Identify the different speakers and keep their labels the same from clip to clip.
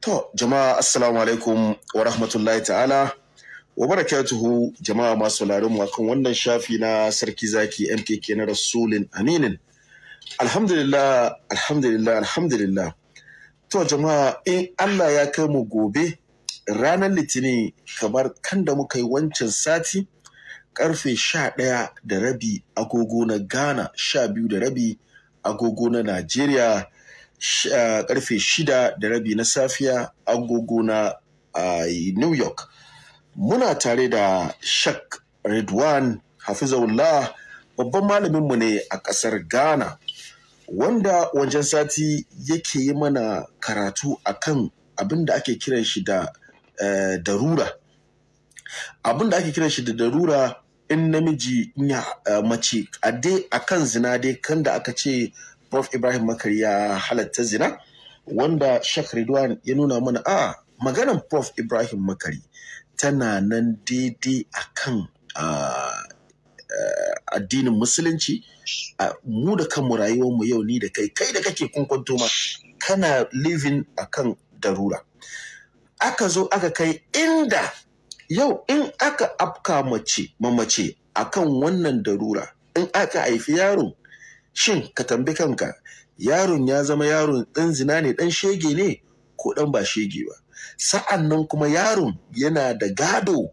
Speaker 1: To, jama'a assalamu alaikum wa rahmatullahi ta'ala. Wa barakatuhu jama'a masu larin wakan wannan shafi na sarki zaki MKK na Rasulin Aminin. Alhamdulillah, alhamdulillah, alhamdulillah. To jama'a in Allah ya kai mu gobe ranar litinin kamar kan da muka yi wancan sati karfe sha ɗaya da rabi agogo na Ghana sha biyu da rabi agogo na Najeriya Eh, karfe shida da rabi na safiya agogo na eh, New York. Muna tare da Shak Redwan Hafizullah babban malaminmu ne a ƙasar Ghana wanda wancan sati yake yi mana karatu akan abin da ake kiran shi da eh, darura. Abin da ake kiran shi da darura in namiji in ya mace a kan akan zina kan da aka ce prof ibrahim makari ya halatta zina wanda Sheikh ridwan ya nuna mana a maganan prof ibrahim makari tana nan daidai akan addinin musulunci mu da kanmu mu yau ni da kai kai da kake kunkwanto ma kana living akan darura aka zo aka kai inda yau in aka afka mace mamace akan wannan darura in aka haifi yaro shin ka tambi kanka yaron ya zama yaron ɗan zina ne ɗan shege ne ko ɗan ba shege ba sa'an nan kuma yaron yana da gado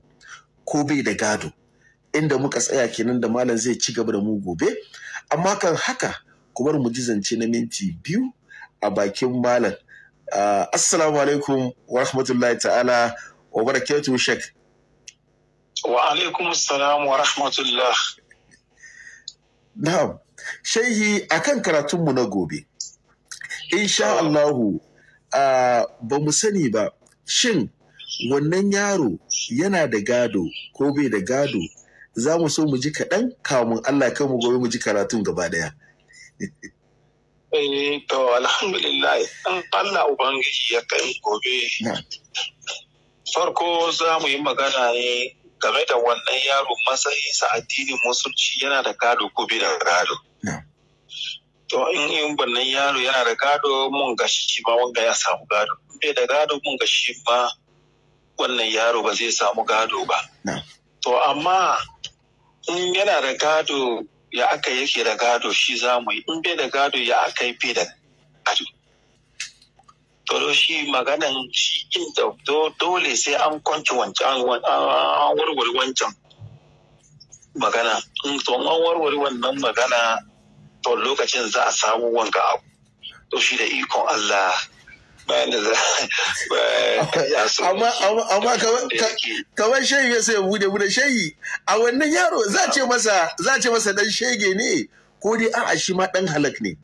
Speaker 1: ko bai da gado inda muka tsaya kenan da malam zai ci gaba da mu gobe amma kan haka kuma mu ji zance na minti biyu a bakin malam assalamu alaikum wa rahmatullahi ta'ala wa barakatuhu shek
Speaker 2: wa alaikum assalam wa rahmatullah
Speaker 1: na'am Shehi akan karatunmu na gobe. Insha Allahu ba mu sani ba shin wannan yaro yana da gado ko bai da gado za mu so mu ji kaɗan kamun Allah kan mu gobe mu ji karatun gaba daya eh, to alhamdulillah an Allah
Speaker 2: Ubangiji ya kai gobe. Farko za mu yi magana ne game da wannan yaro sa addinin musulci yana da gado ko bai da gado. To in yi wannan yaro yana da gado mun ga shi ba wanga ya samu gado. Bai da gado mun ga shi ba wannan yaro ba zai samu gado ba. To amma in yana da gado ya aka yake da gado shi za mu yi in bai da gado ya aka yi bai da gado. to shi maganan shi inda dole sai an kwanci wancan an warware wancan magana in to an warware wannan magana to lokacin za a samu wanga abu to shi da ikon Allah amma
Speaker 1: amma kamar shayi ya sai bude bude shayi a wannan yaro za ce masa za ce masa dan shege ne ko dai a'a shi ma dan halak ne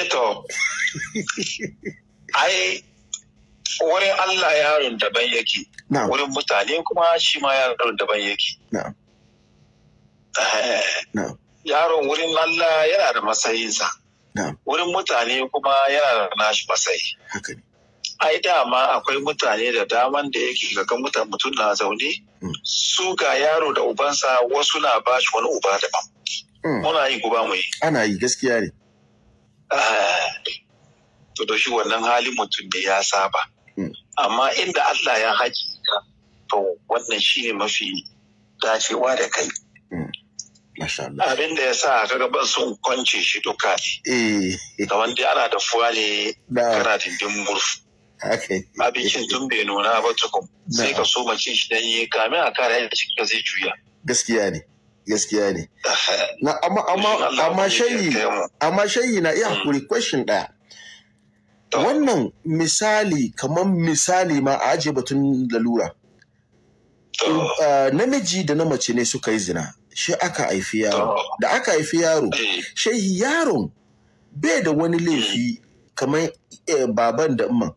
Speaker 2: Eto, eh, ai, wurin Allah yaron daban yake, wurin mutane kuma shi ma yaron daban yake. Eh. Yaron wurin Allah yana da matsayinsa, wurin mutane kuma yana da nashi matsayi. Ai dama akwai mutane da daman da yake ga mutane mutum na zaune, hmm. su ga yaro da ubansa wasu na bashi wani uba daban. Hmm. Muna yi guba mu yi. Ana yi gaskiya ne. to da shi wannan hali mutum ne ya saba hmm. amma inda Allah ya haji ka to wannan shi ne mafi dacewa da kai hmm. abin da ya sa kaga ban sun kwance shi duka ne eh. kamar dai ana da fuwa ne kara dindin murfu abincin tun bai nuna ba tukun sai ka so mace shi dan yi kamin a yadda cikin zai juya
Speaker 1: gaskiya ne gaskiya ne
Speaker 2: na amma
Speaker 1: shayi na iya mm. hakuri question ɗaya. wannan misali kamar misali ma a ajiye batun lalura ah, namiji da na mace ne suka yi zina shi aka haifi yaro da aka haifi yaro eh. shayi yaron bai da wani laifi mm. kamar eh, baban da umman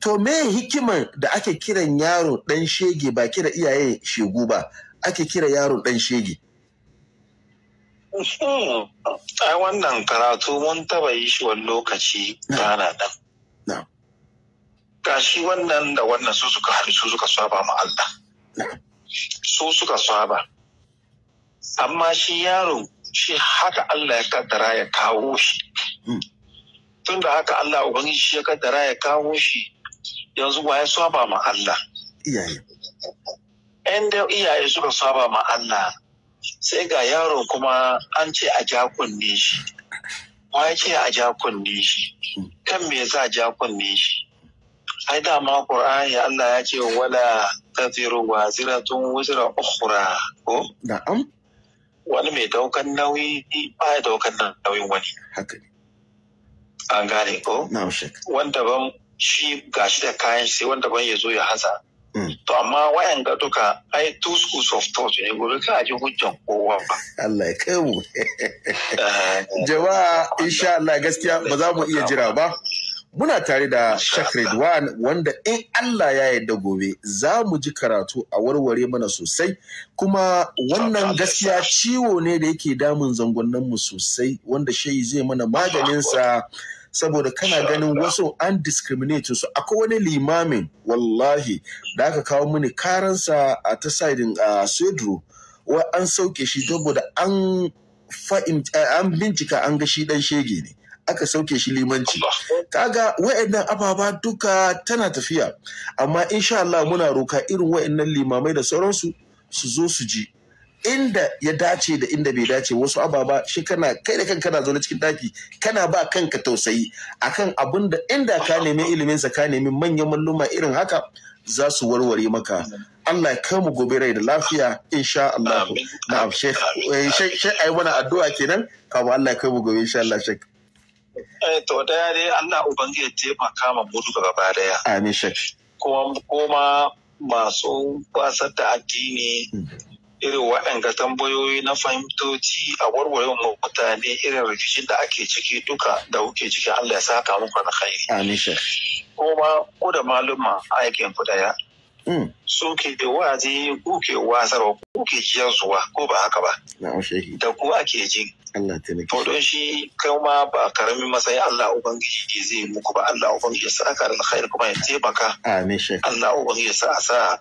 Speaker 1: to me hikiman da ake kiran yaro dan shege ba kira iyaye shegu ba ake kira yaro dan shege
Speaker 2: Hmm. Ai wannan karatu mun taba yi shi wani lokaci bana nan. shi wannan da wannan su suka haɗu su suka saba ma Allah. Su suka saba. Amma shi yaro shi haka Allah ya kaddara ya kawo shi. Hmm. Tun da haka Allah Ubangiji shi ya kaddara ya kawo shi yanzu wa ya saba ma Allah. Iyaye. Yan da iyaye suka saba ma Allah sai ga yaro kuma an ce a ja kunne shi ya ce a ja kunne shi kan me yasa ja kunne shi ai da dama ya Allah ya ce wala taziru wa ziratun wuzra ukhra
Speaker 1: ko na'am wani mai daukan
Speaker 2: nauyi ba ya daukan nauyin wani haka ne an gane ko na'am shek wanda ban shi gashi da kayan shi sai wanda ban ya zo ya hasa Mm. to amma wayan ga duka ai two schools of thought ne gobe ka ji hujjan kowa ba Allah ya kai mu eh, jama'a
Speaker 1: insha Allah gaskiya ba za mu iya jira ba muna tare da Sheikh Redwan wanda in Allah ya yarda gobe za mu ji karatu a warware mana sosai kuma wannan gaskiya ciwo ne da yake damun zangonnan mu sosai wanda shayi zai mana maganinsa sa saboda kana ganin wasu an discriminate su akwai wani limamin wallahi da aka kawo mini karansa a ta sidin a sedro wa an sauke shi saboda an an bincika an ga shi dan shege ne aka sauke shi limanci kaga wa'annan ababa duka tana tafiya amma insha Allah muna roka irin wa'annan limamai da sauransu su zo su ji inda ya dace da inda bai dace wasu ababa shi kana kai da kanka na zaune cikin daki kana ba kanka tausayi akan abin da inda ka nemi ilimin sa ka nemi manyan malluma irin haka za su warware maka Allah ya kai mu gobe rai da lafiya insha Allah na eh, sheikh sheikh ai mana addu'a kenan Ka ba Allah ya kai mu gobe insha Allah sheikh
Speaker 2: eh to daya dai Allah ubangiji ya taimaka ma mu duka gaba daya
Speaker 1: amin sheikh kuma kuma masu kwasar da addini
Speaker 2: hmm. irin waɗanga tambayoyi na fahimtoci a warware mutane irin rikicin da ake ciki duka da kuke ciki Allah ya saka muku na khairi. Kuma ku da maluma aikin ku daya. Hmm. Su ke da wazi ku ke wasarwa ku ke jiyar zuwa ko ba haka ba. Da ku ake ji.
Speaker 1: Allah To
Speaker 2: shi kai ma ba karamin matsayin Allah Ubangiji zai muku ba Allah Ubangiji sa aka da khairi kuma ya taimaka. Amin shek. Allah Ubangiji sa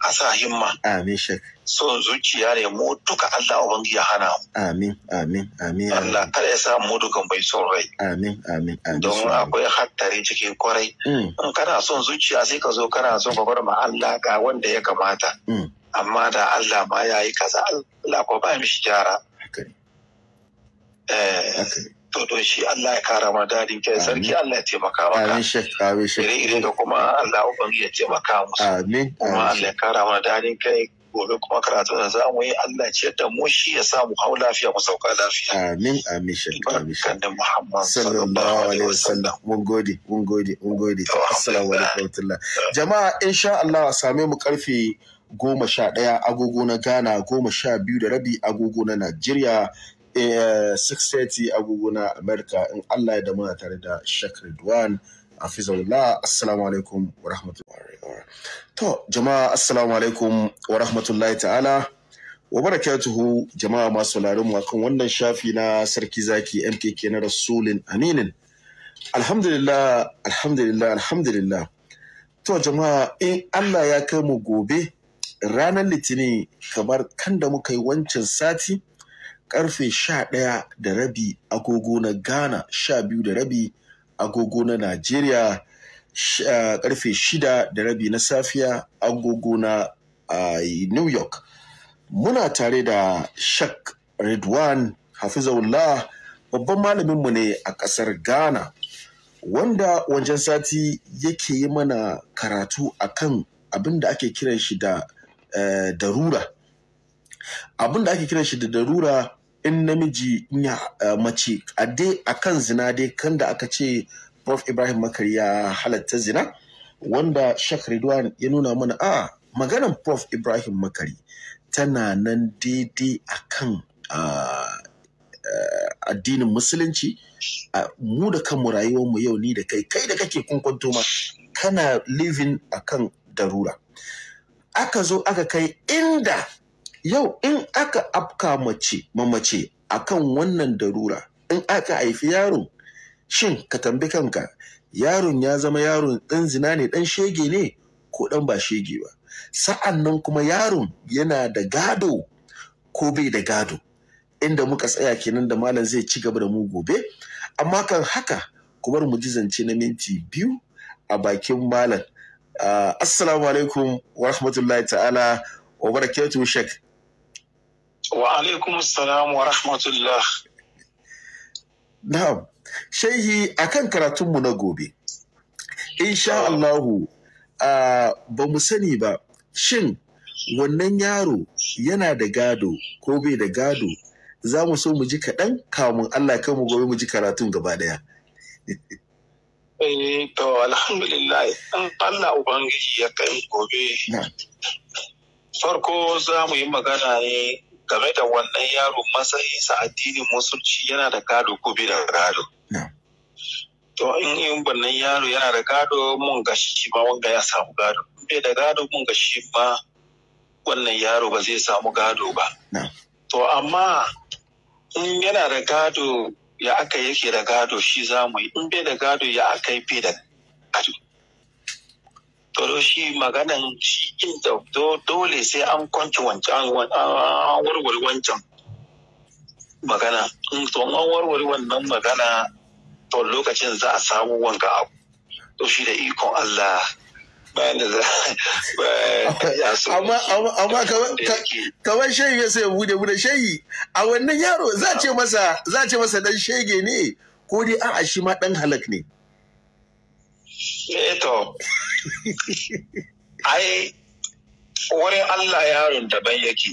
Speaker 2: a sa himma. Amin shek. son zuciya ne mu duka Allah ubangiji ya hana mu amin amin amin Allah kada ya sa mu duka bai son rai amin amin don akwai hattare cikin kwarai mm. in kana son zuciya sai ka zo kana son babar ma Allah ga wanda ya kamata mm. amma da Allah ma ya yi kaza Allah ko ba mishi eh to to shi Allah ya kara ma dadin kai sarki Allah ya taimaka maka amin shek amin shek ire ire da kuma Allah
Speaker 1: ubangiji ya taimaka musu amin kuma Allah ya kara ma dadin kai gobe kuma karatun da za mu yi Allah ce da mu shi ya sa mu hau lafiya mu sauka lafiya amin amin shi amin shakka Muhammad sallallahu alaihi wasallam mun gode mun gode mun gode assalamu alaikum jama'a insha Allah same mu karfe goma sha ɗaya agogo na Ghana goma sha biyu da rabi agogo na Najeriya 6:30 eh, agogo na Amerika in Allah ya da muna tare da Shakir Duwan. hafizahullah assalamu alaikum wa rahmatullahi to jama'a assalamu alaikum wa rahmatullahi ta'ala wa barakatuhu jama'a masu sauraron mu kan wannan shafi na sarki zaki MKK na rasulin aminin alhamdulillah alhamdulillah alhamdulillah to jama'a in Allah ya kai mu gobe ranar litinin kamar kan da muka yi wancan sati karfe sha ɗaya da rabi agogo na ghana sha biyu da rabi agogo na Najeriya karfe shida da rabi na safiya agogo na New York. Muna tare da Shak Redwan Hafizullah babban malaminmu ne a ƙasar Ghana wanda wancan sati yake yi mana karatu akan abin da ake kiran shi da eh, darura. Abin da ake kiran shi da darura in namiji ya eh, mace a dai a kan zina dai kan da aka ce prof ibrahim makar ya halatta zina wanda shek ridwan ya nuna mana a maganan prof ibrahim makari tana nan daidai a kan eh, addinin musulunci mu da kanmu rayuwarmu yau ni da kai kai da kake kunkwanto ma kana living a kan darura aka zo aka kai inda yau in aka afka mace mamace kan wannan darura in aka haifi yaron shin ka tambi kanka yaron ya zama yaron ɗan zina ne ɗan shege ne ko ɗan ba shege ba sa'an nan kuma yaron yana da gado ko bai da gado inda muka tsaya kenan da malam zai ci gaba da mu gobe amma kan haka kuma mu ji zance na minti biyu a bakin malam ah, assalamu alaikum wa rahmatullahi ta'ala wa barakatuhu shek
Speaker 2: Wa alaikum salam wa rahmatullah.
Speaker 1: Na'am. Shehi kan karatunmu na gobe. Insha Allahu ba mu sani ba shin wannan yaro yana da gado ko bai da gado za mu so mu ji kaɗan kamun Allah kan mu gobe mu ji karatun gaba ɗaya.
Speaker 2: Eh to alhamdulillah an Allah ubangiji ya kai gobe. Farko za mu yi magana ne game da wannan yaro sa addinin musulci yana da gado ko bai da gado. To in yin wannan yaro yana da gado mun ga shi ma wanga ya samu gado. Bai da gado mun ga shi ma wannan yaro ba zai samu gado ba. To amma in yana da gado ya aka yake da gado shi za mu yi in bai da gado ya aka yi bai da gado. to shi maganan shi inda dole sai an kwanci wancan an warware wancan magana in to an warware wannan magana to lokacin za a samu wanga abu to shi da ikon Allah bayan da za
Speaker 1: amma amma kamar shayi ya sai bude bude shayi a wannan yaro za ce masa za ce masa dan shege ne ko dai a'a shi ma dan halak ne
Speaker 2: eh to ai wurin Allah yaron daban yake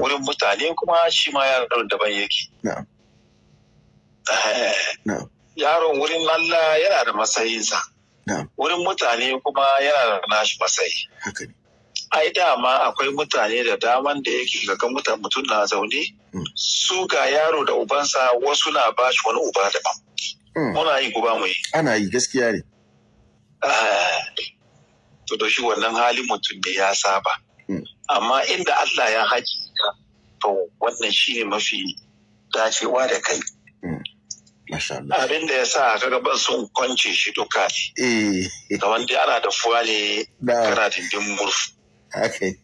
Speaker 2: wurin mutane kuma shi ma yaron daban yake eh, yaron wurin Allah yana da matsayinsa wurin mutane kuma yana da nashi matsayi ai dama akwai mutane da daman da yake ga mutan mutum na zaune hmm. su ga yaro da ubansa wasu na ba shi wani uba daban hmm. muna yi ko ba
Speaker 1: mu yi ana yi gaskiya ne eh,
Speaker 2: to da shi wannan hali mutum ne ya saba hmm. amma inda Allah ya haji ka to wannan shi ne mafi dacewa da kai hmm. abin da ya sa kaga ban sun kwance shi duka ne eh. da wanda ana da fuwa ne kana dindin murfu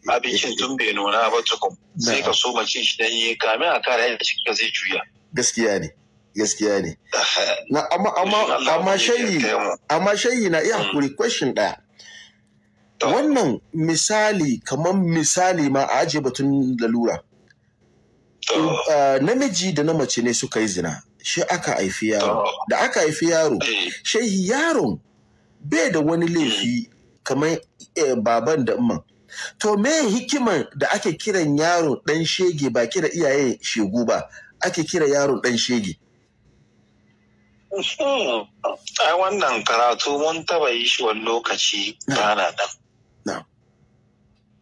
Speaker 2: abincin tun bai nuna ba tukun sai ka so mace shi dan yi kamin a kare yadda cikin ka zai juya
Speaker 1: gaskiya ne gaskiya ne amma shayi amma shayi na iya hmm. hakuri question daya wannan misali kamar misali ma a ajiye batun lalura eh, namiji da na mace ne suka yi zina shi aka haifi yaro da aka haifi yaro eh. shi yaron bai da wani laifi eh. kamar baban da umman to me hikiman da ake kiran yaron dan shege ba kira iyayen shegu ba ake kira yaron dan shege
Speaker 2: hmm. ai wannan karatu mun taba yi shi wani lokaci ba na ɗan.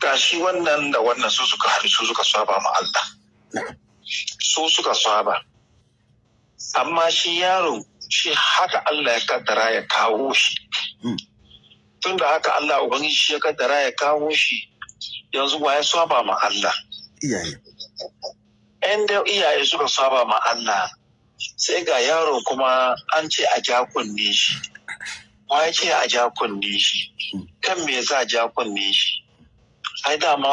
Speaker 2: ga shi wannan da wannan su suka haɗu su suka saba ma Allah su suka saba amma shi yaro shi haka Allah ya kaddara ya kawo shi hmm. tun da haka Allah ubangiji shi ya kaddara ya kawo shi yanzu wa ya saba ma Allah
Speaker 1: iyaye
Speaker 2: da iyaye suka saba ma Allah sai ga yaro kuma an ce a ja kunne shi wa ya ce a ja kunne shi hmm. kan me za a ja kunne shi ai dama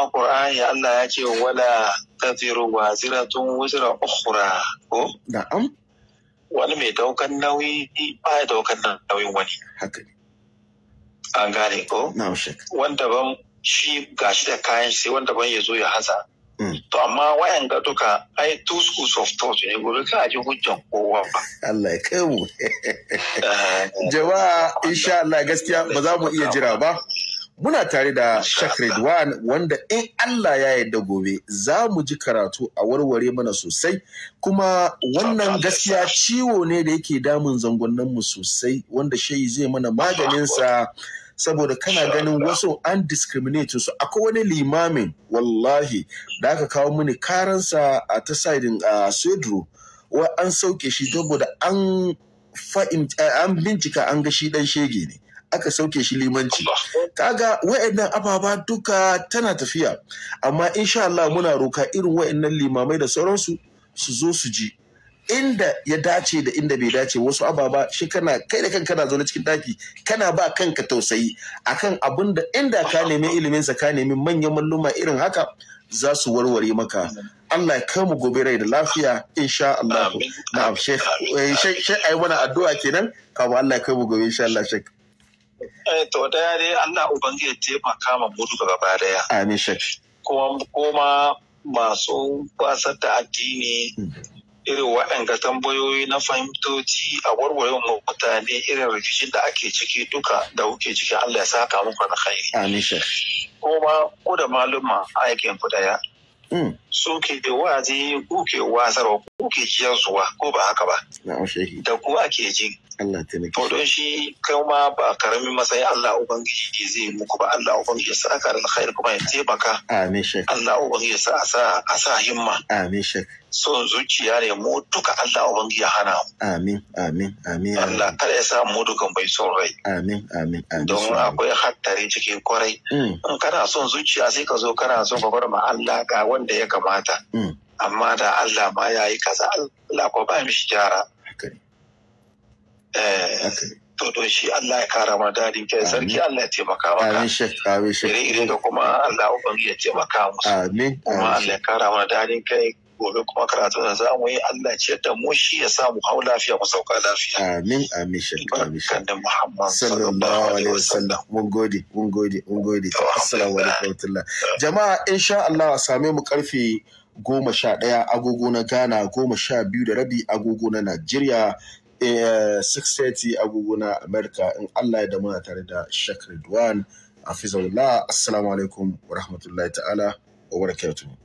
Speaker 2: ya Allah ya ce wala taziru waziratun wuzra ukhra ko na'am wani mai daukan nauyi ba ya daukan nauyin wani haka an gane ko na'am shek wanda ban shi gashi da kayan sai wanda ban ya zo ya hasa mm. to amma wayan ga duka ai two schools of thought ne gobe ka ji hujjan kowa ba Allah ya kai mu eh,
Speaker 1: jama'a insha Allah gaskiya ba za mu iya jira ba Muna tare da Sheikh Redwan wanda in Allah ya yarda gobe za mu ji karatu a warware mana sosai kuma wannan gaskiya ciwo ne da yake damun zangonnan sosai wanda shayi zai mana maganinsa saboda kana ganin wasu an discriminate su akwai wani limamin wallahi da aka kawo mini karansa a ta sidin a Sedro wa an sauke shi saboda an bincika an ga shi dan shege ne aka sauke shi limanci kaga wa'annan ababa duka tana tafiya amma insha Allah muna roka irin wa'annan limamai da sauransu su zo su ji inda ya dace da inda bai dace wasu ababa shi kana kai da kanka na zaune cikin daki kana ba kanka tausayi akan abin da inda ka nemi ilimin sa ka nemi manyan malluma irin haka za su warware maka Allah ya mu gobe rai da lafiya insha Allah na'am sheikh eh, sheikh ayi mana addu'a kenan ba Allah ya kai mu gobe insha Allah sheikh Eh, to daya dai Allah
Speaker 2: ubangiji ya taimaka ma mutu ga gaba daya
Speaker 1: amin shek kuma kuma masu
Speaker 2: basar da addini hmm. irin waɗanga tambayoyi na fahimtoci a warware mutane irin rikicin da ake ciki duka da kuke ciki Allah ya saka muku na
Speaker 1: khairi
Speaker 2: kuma ku da maluma aikin ku daya hmm. su ke wazi ku wasarwa kuke ke zuwa ko ba haka ba da ku ake ji Allah taimake shi. don shi kai ma ba karamin matsayi Allah ubangiji zai muku ba Allah ubangiji ya ka da alkhairi kuma ya taimaka. Amin shek. Allah ubangiji ya sa a sa himma. Amin shek. son zuciya ne mu duka Allah ubangi ya hana mu. Amin, amin, amin. Allah kada ya sa mu dukan bai son rai. Amin, amin, amin. Don akwai hattari cikin kwarai. Mm. In kana son zuciya sai ka zo kana son ka gwada ma Allah ga wanda ya kamata. Mm. Amma da Allah ma ya yi kaza Allah ko ba mishi jara. Eh, to shi Allah ya kara ma dadi kai sarki Allah ya taimaka maka amin shek amin shek Iri da kuma Allah ubangi ya taimaka musu amin kuma Allah ya kara ma dadi kai gobe kuma karatu da za mu yi Allah ce da mu shi ya sa mu hau lafiya mu sauka
Speaker 1: lafiya amin amin shek amin shek kan Muhammad sallallahu alaihi wa sallam. mun gode mun gode mun gode assalamu alaikum jama'a insha Allah same mu karfe goma sha ɗaya agogo na ghana goma sha biyu da rabi agogo na najeriya 6:30 eh, agogona Amerika in Allah ya da muna tare da Sheikh Ridwan Hafizullah assalamu alaikum wa rahmatullahi ta'ala wa
Speaker 2: barakatuhu